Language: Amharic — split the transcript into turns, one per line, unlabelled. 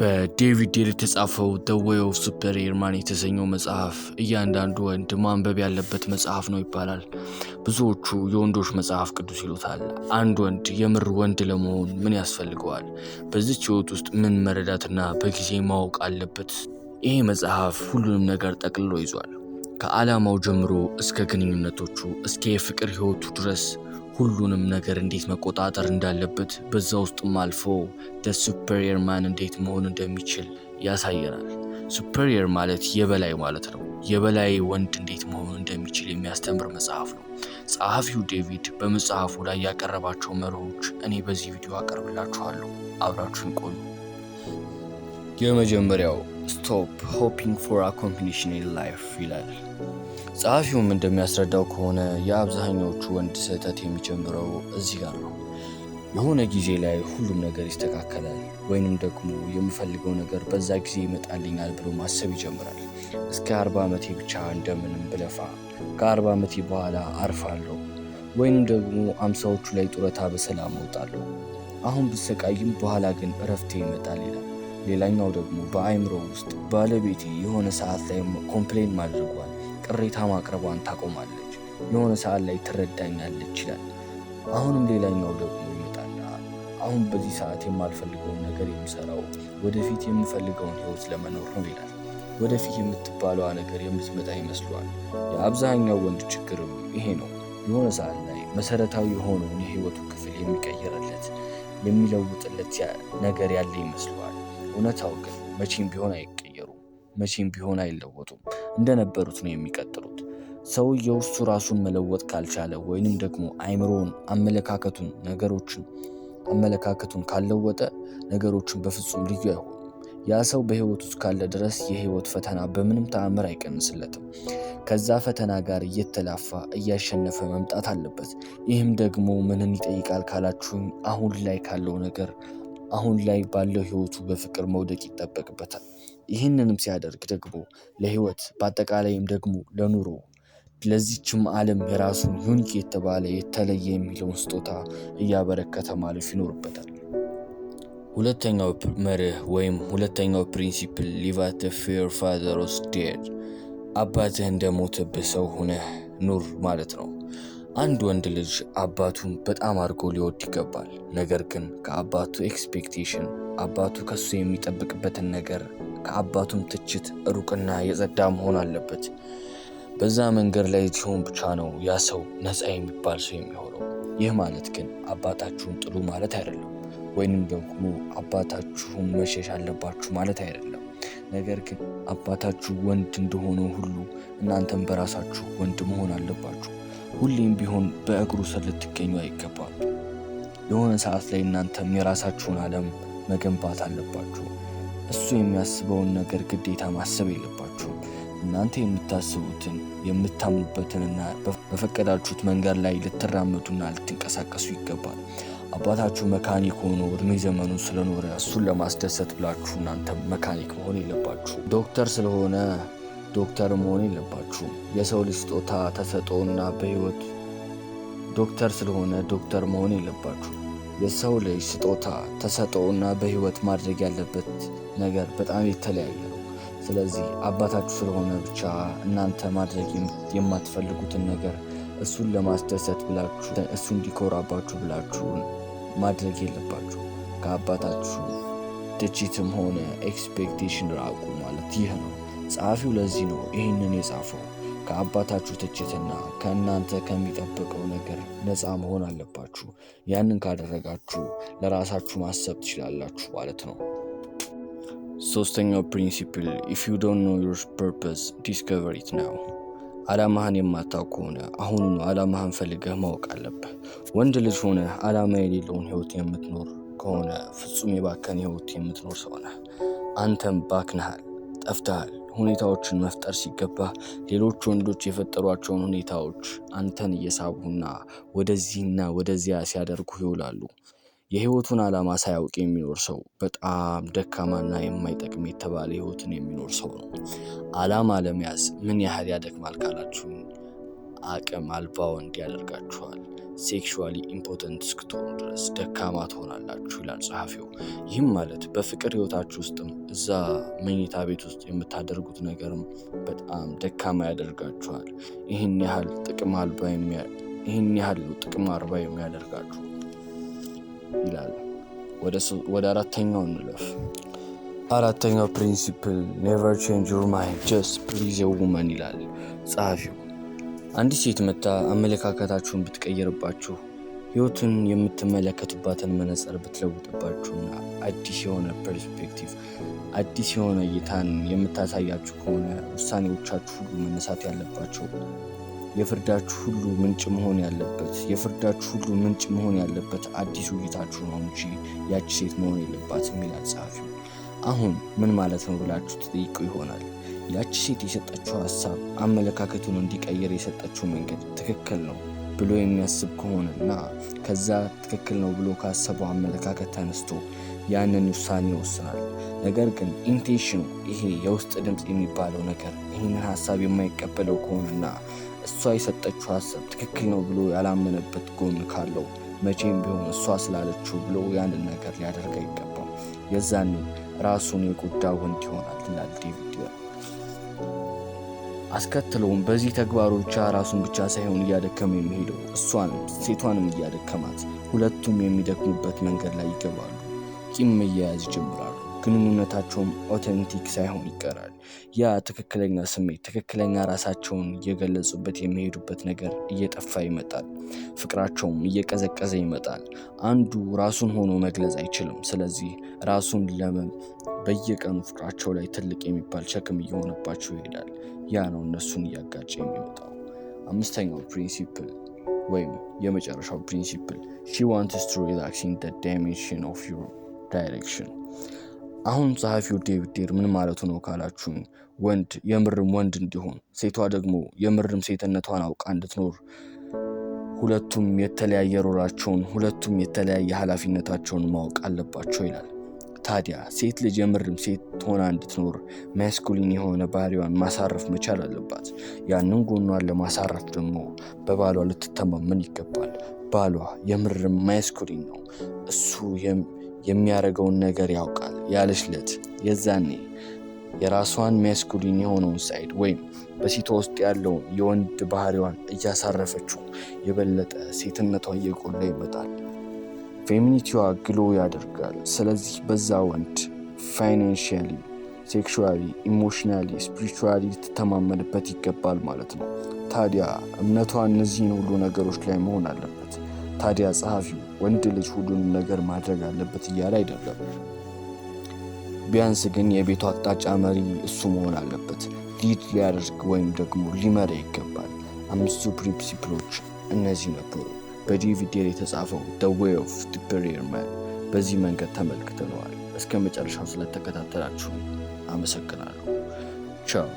በዴቪድ ዴል የተጻፈው ደ ዌይ ኦፍ ሱፐር ኤርማን የተሰኘው መጽሐፍ እያንዳንዱ ወንድ ማንበብ ያለበት መጽሐፍ ነው ይባላል። ብዙዎቹ የወንዶች መጽሐፍ ቅዱስ ይሉታል። አንድ ወንድ የምር ወንድ ለመሆን ምን ያስፈልገዋል? በዚች ህይወት ውስጥ ምን መረዳትና በጊዜ ማወቅ አለበት? ይሄ መጽሐፍ ሁሉንም ነገር ጠቅልሎ ይዟል። ከዓላማው ጀምሮ እስከ ግንኙነቶቹ፣ እስከ የፍቅር ሕይወቱ ድረስ ሁሉንም ነገር እንዴት መቆጣጠር እንዳለበት በዛ ውስጥም አልፎ ደ ሱፐሪየር ማን እንዴት መሆን እንደሚችል ያሳየናል። ሱፐሪየር ማለት የበላይ ማለት ነው። የበላይ ወንድ እንዴት መሆን እንደሚችል የሚያስተምር መጽሐፍ ነው። ጸሐፊው ዴቪድ በመጽሐፉ ላይ ያቀረባቸው መርሆች እኔ በዚህ ቪዲዮ አቀርብላችኋለሁ። አብራችሁን ቆዩ። የመጀመሪያው ስቶፕ ሆፒንግ ፎር አ ኮንዲሽናል ላይፍ ይላል። ጸሐፊውም እንደሚያስረዳው ከሆነ የአብዛኛዎቹ ወንድ ስህተት የሚጀምረው እዚህ ጋር ነው። የሆነ ጊዜ ላይ ሁሉም ነገር ይስተካከላል ወይንም ደግሞ የምፈልገው ነገር በዛ ጊዜ ይመጣልኛል ብሎ ማሰብ ይጀምራል። እስከ አርባ ዓመቴ ብቻ እንደምንም ብለፋ ከአርባ ዓመቴ በኋላ አርፋለሁ ወይንም ደግሞ አምሳዎቹ ላይ ጡረታ በሰላም እወጣለሁ። አሁን ብሰቃይም በኋላ ግን እረፍቴ ይመጣል ይላል። ሌላኛው ደግሞ በአይምሮ ውስጥ ባለቤቴ የሆነ ሰዓት ላይ ኮምፕሌን ማድረጓን ቅሬታ ማቅረቧን ታቆማለች፣ የሆነ ሰዓት ላይ ትረዳኛለች ይችላል። አሁንም ሌላኛው ደግሞ ይመጣና አሁን በዚህ ሰዓት የማልፈልገውን ነገር የምሰራው ወደፊት የምፈልገውን ህይወት ለመኖር ነው ይላል። ወደፊት የምትባለዋ ነገር የምትመጣ ይመስለዋል። የአብዛኛው ወንድ ችግርም ይሄ ነው። የሆነ ሰዓት ላይ መሰረታዊ የሆነውን የህይወቱ ክፍል የሚቀይርለት የሚለውጥለት ነገር ያለ ይመስለዋል። እውነታው ግን መቼም ቢሆን አይቀየሩም፣ መቼም ቢሆን አይለወጡም። እንደነበሩት ነው የሚቀጥሉት። ሰውየው እሱ ራሱን መለወጥ ካልቻለ ወይንም ደግሞ አይምሮውን፣ አመለካከቱን ነገሮችን አመለካከቱን ካልለወጠ ነገሮችን በፍጹም ልዩ አይሆኑም። ያ ሰው በህይወት ውስጥ ካለ ድረስ የህይወት ፈተና በምንም ተአምር አይቀንስለትም። ከዛ ፈተና ጋር እየተላፋ እያሸነፈ መምጣት አለበት። ይህም ደግሞ ምንን ይጠይቃል ካላችሁኝ አሁን ላይ ካለው ነገር አሁን ላይ ባለው ህይወቱ በፍቅር መውደቅ ይጠበቅበታል። ይህንንም ሲያደርግ ደግሞ ለህይወት በአጠቃላይም ደግሞ ለኑሮ ለዚችም ዓለም የራሱን ዩኒክ የተባለ የተለየ የሚለውን ስጦታ እያበረከተ ማለፍ ይኖርበታል። ሁለተኛው መርህ ወይም ሁለተኛው ፕሪንሲፕል ሊቫት ፌር ፋዘሮስ ዴድ አባትህ እንደሞተብህ ሰው ሆነህ ኑር ማለት ነው። አንድ ወንድ ልጅ አባቱን በጣም አድርጎ ሊወድ ይገባል። ነገር ግን ከአባቱ ኤክስፔክቴሽን፣ አባቱ ከሱ የሚጠብቅበትን ነገር ከአባቱም ትችት ሩቅና የጸዳ መሆን አለበት። በዛ መንገድ ላይ ሲሆን ብቻ ነው ያ ሰው ነፃ የሚባል ሰው የሚሆነው። ይህ ማለት ግን አባታችሁን ጥሉ ማለት አይደለም፣ ወይንም ደግሞ አባታችሁን መሸሽ አለባችሁ ማለት አይደለም። ነገር ግን አባታችሁ ወንድ እንደሆነ ሁሉ እናንተም በራሳችሁ ወንድ መሆን አለባችሁ። ሁሌም ቢሆን በእግሩ ስር ልትገኙ አይገባም። የሆነ ሰዓት ላይ እናንተም የራሳችሁን ዓለም መገንባት አለባችሁ። እሱ የሚያስበውን ነገር ግዴታ ማሰብ የለባችሁም። እናንተ የምታስቡትን የምታምኑበትንና በፈቀዳችሁት መንገድ ላይ ልትራመዱና ልትንቀሳቀሱ ይገባል። አባታችሁ መካኒክ ሆኖ እድሜ ዘመኑ ስለኖረ እሱን ለማስደሰት ብላችሁ እናንተ መካኒክ መሆን የለባችሁ። ዶክተር ስለሆነ ዶክተር መሆን የለባችሁም። የሰው ልጅ ስጦታ ተሰጦና በህይወት ዶክተር ስለሆነ ዶክተር መሆን የለባችሁ። የሰው ልጅ ስጦታ ተሰጦና በህይወት ማድረግ ያለበት ነገር በጣም የተለያየ ነው። ስለዚህ አባታችሁ ስለሆነ ብቻ እናንተ ማድረግ የማትፈልጉትን ነገር እሱን ለማስደሰት ብላችሁ እሱ እንዲኮራባችሁ ብላችሁ ማድረግ የለባችሁ። ከአባታችሁ ትችትም ሆነ ኤክስፔክቴሽን ራቁ ማለት ይህ ነው። ጸሐፊው ለዚህ ነው ይህንን የጻፈው። ከአባታችሁ ትችትና ከእናንተ ከሚጠበቀው ነገር ነፃ መሆን አለባችሁ። ያንን ካደረጋችሁ ለራሳችሁ ማሰብ ትችላላችሁ ማለት ነው። ሶስተኛው ፕሪንሲፕል ኢፍ ዩ ዶንት ኖ ዩር ፐርፐስ ዲስከቨር ኢት ነው። ዓላማህን የማታውቅ ከሆነ አሁኑኑ ዓላማህን ፈልገህ ማወቅ አለብህ። ወንድ ልጅ ሆነ ዓላማ የሌለውን ህይወት የምትኖር ከሆነ ፍጹም የባከን ህይወት የምትኖር ሰው ነህ። አንተም ባክነሃል፣ ጠፍተሃል። ሁኔታዎችን መፍጠር ሲገባ ሌሎች ወንዶች የፈጠሯቸውን ሁኔታዎች አንተን እየሳቡና ወደዚህና ወደዚያ ሲያደርጉ ይውላሉ። የህይወቱን ዓላማ ሳያውቅ የሚኖር ሰው በጣም ደካማና የማይጠቅም የተባለ ህይወትን የሚኖር ሰው ነው። ዓላማ ለመያዝ ምን ያህል ያደክማል ካላችሁን፣ አቅም አልባ ወንድ ያደርጋችኋል። ሴክሹዋሊ ኢምፖተንት እስክትሆኑ ድረስ ደካማ ትሆናላችሁ ይላል ጸሐፊው። ይህም ማለት በፍቅር ህይወታችሁ ውስጥም እዛ መኝታ ቤት ውስጥ የምታደርጉት ነገርም በጣም ደካማ ያደርጋችኋል። ይህን ያህል ጥቅም አልባ ይህን ያህል ጥቅም አልባ የሚያደርጋችሁ ይላል። ወደ አራተኛው እንለፍ። አራተኛው ፕሪንሲፕል ኔቨር ቼንጅ ዩር ማይንድ ጀስት ፕሊዝ የውመን ይላል ጸሐፊው። አንዲት ሴት መታ አመለካከታችሁን ብትቀይርባችሁ ህይወትን የምትመለከቱባትን መነጽር ብትለውጥባችሁና አዲስ የሆነ ፐርስፔክቲቭ አዲስ የሆነ እይታን የምታሳያችሁ ከሆነ ውሳኔዎቻችሁ ሁሉ መነሳት ያለባቸው የፍርዳችሁ ሁሉ ምንጭ መሆን ያለበት የፍርዳችሁ ሁሉ ምንጭ መሆን ያለበት አዲሱ እይታችሁ ነው እንጂ ያቺ ሴት መሆን የለባት የሚላል። ጸሐፊው። አሁን ምን ማለት ነው ብላችሁ ትጠይቁ ይሆናል። ያቺ ሴት የሰጠችው ሀሳብ አመለካከቱን እንዲቀይር የሰጠችው መንገድ ትክክል ነው ብሎ የሚያስብ ከሆነና ከዛ ትክክል ነው ብሎ ካሰበው አመለካከት ተነስቶ ያንን ውሳኔ ይወስናል። ነገር ግን ኢንቴንሽኑ ይሄ የውስጥ ድምፅ የሚባለው ነገር ይህንን ሀሳብ የማይቀበለው ከሆነና እሷ የሰጠችው ሀሳብ ትክክል ነው ብሎ ያላመነበት ጎን ካለው መቼም ቢሆን እሷ ስላለችው ብሎ ያንን ነገር ሊያደርግ አይገባም። የዛኔ ራሱን የጎዳ ወንድ ይሆናል ይላል ዴቪድ። አስከትለውም በዚህ ተግባሩ ብቻ ራሱን ብቻ ሳይሆን እያደከመ የሚሄደው እሷንም ሴቷንም እያደከማት ሁለቱም የሚደክሙበት መንገድ ላይ ይገባሉ። ቂም መያያዝ ይጀምራል። ግንኙነታቸውም ኦተንቲክ ሳይሆን ይቀራል። ያ ትክክለኛ ስሜት፣ ትክክለኛ ራሳቸውን እየገለጹበት የሚሄዱበት ነገር እየጠፋ ይመጣል። ፍቅራቸውም እየቀዘቀዘ ይመጣል። አንዱ ራሱን ሆኖ መግለጽ አይችልም። ስለዚህ ራሱን ለመም በየቀኑ ፍቅራቸው ላይ ትልቅ የሚባል ሸክም እየሆነባቸው ይሄዳል። ያ ነው እነሱን እያጋጨ የሚመጣው። አምስተኛው ፕሪንሲፕል ወይም የመጨረሻው ፕሪንሲፕል ሺ ዋንትስ ቱ ሪላክሲንግ ዳይሜንሽን ኦፍ ዩር ዳይሬክሽን አሁን ጸሐፊው ዴቪድ ዴር ምን ማለቱ ነው ካላችሁኝ፣ ወንድ የምርም ወንድ እንዲሆን፣ ሴቷ ደግሞ የምርም ሴትነቷን አውቃ እንድትኖር ሁለቱም የተለያየ ሮራቸውን ሁለቱም የተለያየ ኃላፊነታቸውን ማወቅ አለባቸው ይላል። ታዲያ ሴት ልጅ የምርም ሴት ሆና እንድትኖር ማስኩሊን የሆነ ባህሪዋን ማሳረፍ መቻል አለባት። ያንን ጎኗን ለማሳረፍ ደግሞ በባሏ ልትተማመን ይገባል። ባሏ የምርም ማስኩሊን ነው እሱ የሚያደርገውን ነገር ያውቃል ያለችለት የዛኔ የራሷን ሚያስኩሊን የሆነውን ሳይድ ወይም በሴቷ ውስጥ ያለውን የወንድ ባህሪዋን እያሳረፈችው የበለጠ ሴትነቷ እየጎላ ይመጣል። ፌሚኒቲዋ ግሎ ያደርጋል። ስለዚህ በዛ ወንድ ፋይናንሽያሊ ሴክሹዋሊ፣ ኢሞሽናሊ፣ ስፒሪቹዋሊ ልትተማመንበት ይገባል ማለት ነው። ታዲያ እምነቷ እነዚህን ሁሉ ነገሮች ላይ መሆን አለበት። ታዲያ ጸሐፊው ወንድ ልጅ ሁሉንም ነገር ማድረግ አለበት እያለ አይደለም። ቢያንስ ግን የቤቱ አቅጣጫ መሪ እሱ መሆን አለበት። ሊድ ሊያደርግ ወይም ደግሞ ሊመራ ይገባል። አምስቱ ፕሪንሲፕሎች እነዚህ ነበሩ። በዴቪድ የተጻፈው ደ ዌይ ኦፍ ዘ ማን በዚህ መንገድ ተመልክተነዋል። እስከ መጨረሻው ስለተከታተላችሁ አመሰግናለሁ። ቻው።